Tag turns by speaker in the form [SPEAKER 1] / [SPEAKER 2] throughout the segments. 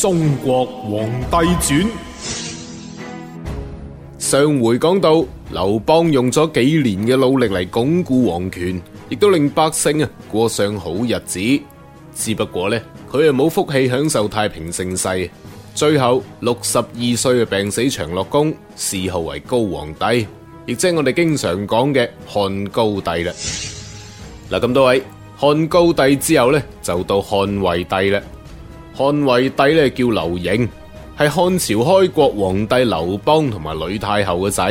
[SPEAKER 1] 中國皇帝傳，上回講到劉邦用咗幾年嘅努力嚟鞏固皇權，亦都令百姓啊過上好日子。只不過呢，佢又冇福氣享受太平盛世，最後六十二歲嘅病死長樂宮，諡號為高皇帝，亦即係我哋經常講嘅漢高帝啦。嗱，咁多位漢高帝之後呢，就到漢惠帝啦。漢惠帝咧叫劉盈，係漢朝開國皇帝劉邦同埋呂太后嘅仔。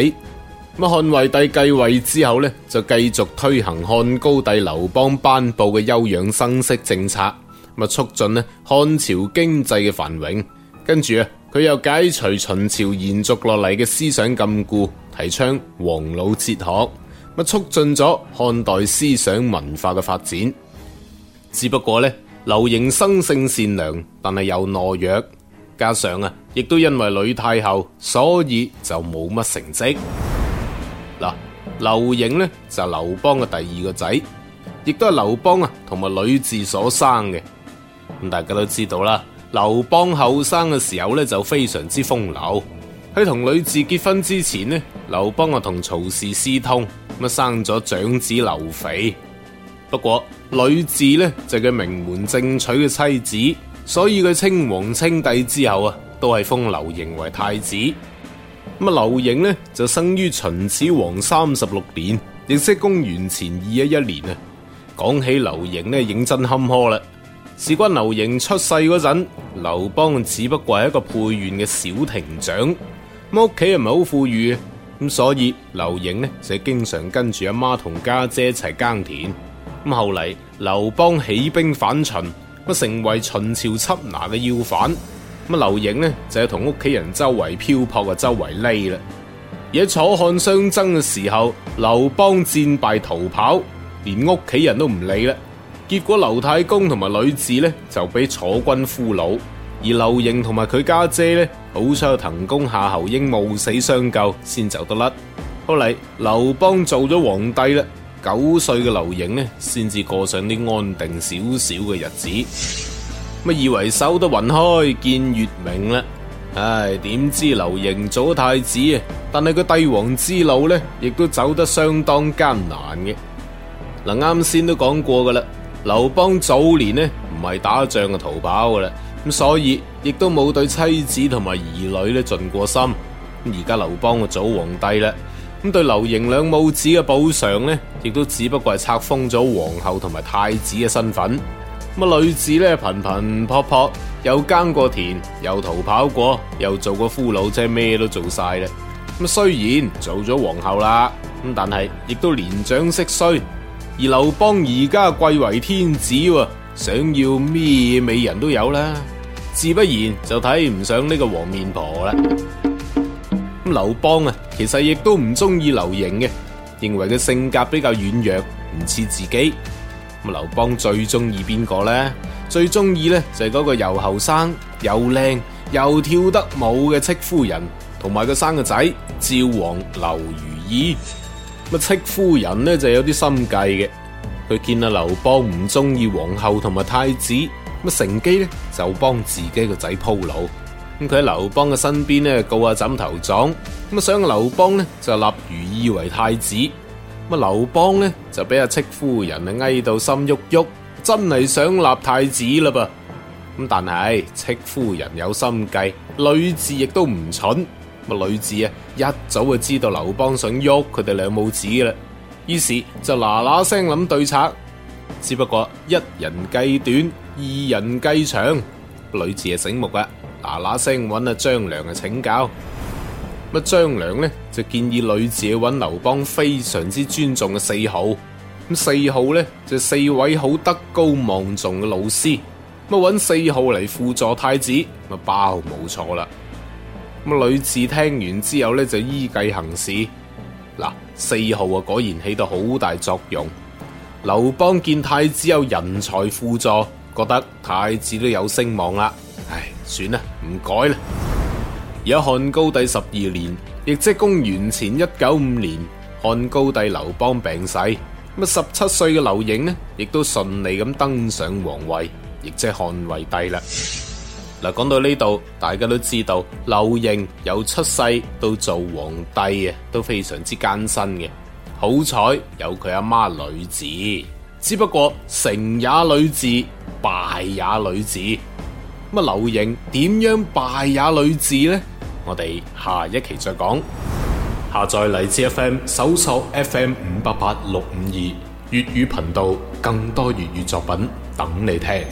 [SPEAKER 1] 咁漢惠帝繼位之後呢，就繼續推行漢高帝劉邦頒布嘅休養生息政策，咁啊促進咧漢朝經濟嘅繁榮。跟住啊，佢又解除秦朝延續落嚟嘅思想禁錮，提倡黃老哲學，咁啊促進咗漢代思想文化嘅發展。只不過呢。劉盈生性善良，但係又懦弱，加上啊，亦都因為呂太后，所以就冇乜成績。嗱，劉盈咧就係、是、劉邦嘅第二個仔，亦都係劉邦啊同埋呂雉所生嘅。咁、嗯、大家都知道啦，劉邦後生嘅時候咧就非常之風流，喺同呂雉結婚之前咧，劉邦啊同曹氏私通，咁啊生咗長子劉肥。不過呂雉呢，就係個名門正娶嘅妻子，所以佢稱皇稱帝之後啊，都係封劉盈為太子。咁啊，劉盈咧就生於秦始皇三十六年，亦即公元前二一一年啊。講起劉盈呢，認真坎坷啦。事關劉盈出世嗰陣，劉邦只不過係一個沛縣嘅小亭長，屋企唔係好富裕，咁所以劉盈呢，就係經常跟住阿媽同家姐一齊耕田。咁後嚟，劉邦起兵反秦，佢成為秦朝緝拿嘅要犯。咁劉盈呢，就係同屋企人周圍漂泊嘅周圍匿啦。而喺楚漢相爭嘅時候，劉邦戰敗逃跑，連屋企人都唔理啦。結果劉太公同埋呂雉呢，就俾楚軍俘虜，而劉盈同埋佢家姐呢，好彩有滕公夏侯嬰冒死相救，先走得甩。後嚟，劉邦做咗皇帝啦。九歲嘅劉盈咧，先至過上啲安定少少嘅日子。咁以為守得雲開見月明啦，唉，點知劉盈做咗太子啊？但係個帝王之路呢，亦都走得相當艱難嘅。嗱、啊，啱先都講過噶啦，劉邦早年呢唔係打仗嘅逃跑噶啦，咁所以亦都冇對妻子同埋兒女呢盡過心。而家劉邦嘅做咗皇帝啦。咁對劉盈兩母子嘅補償呢，亦都只不過係冊封咗皇后同埋太子嘅身份。咁啊，女子呢，頻頻撲撲，又耕過田，又逃跑過，又做過俘虜，即係咩都做晒啦。咁雖然做咗皇后啦，咁但係亦都年長色衰，而劉邦而家貴為天子喎，想要咩美人都有啦。自不然就睇唔上呢個黃面婆啦。劉邦啊，其實亦都唔中意劉盈嘅，認為佢性格比較軟弱，唔似自己。咁劉邦最中意邊個呢？最中意呢就係嗰個又後生又靚又跳得舞嘅戚夫人，同埋佢生個仔趙王劉如意。咁戚夫人呢就有啲心計嘅，佢見阿劉邦唔中意皇后同埋太子，咁乘機呢就幫自己個仔鋪路。咁佢喺劉邦嘅身邊咧告下枕頭狀，咁啊想劉邦咧就立如意為太子，咁啊劉邦咧就俾阿戚夫人啊哀到心郁郁，真係想立太子嘞噃，咁但係戚夫人有心計，呂雉亦都唔蠢，咁啊呂雉啊一早就知道劉邦想喐佢哋兩母子啦，於是就嗱嗱聲諗對策，只不過一人計短，二人計長，呂雉係醒目㗎。嗱嗱聲搵阿張良啊請教，咁張良呢就建議呂雉搵劉邦非常之尊重嘅四號，咁四號呢就四位好德高望重嘅老師，咁搵四號嚟輔助太子，乜包冇錯啦。咁呂雉聽完之後呢就依計行事，嗱四號啊果然起到好大作用。劉邦見太子有人才輔助，覺得太子都有聲望啦。算啦，唔改啦。而家漢高帝十二年，亦即公元前一九五年，漢高帝劉邦病逝，咁啊十七歲嘅劉盈呢，亦都順利咁登上皇位，亦即漢惠帝啦。嗱，講 到呢度，大家都知道劉盈由出世到做皇帝啊，都非常之艱辛嘅。好彩有佢阿媽呂雉，只不過成也呂雉，敗也呂雉。咁啊，劉盈點樣敗也呂雉呢？我哋下一期再講。下載荔枝 FM，搜索 FM 五八八六五二，粵語頻道，更多粵語作品等你聽。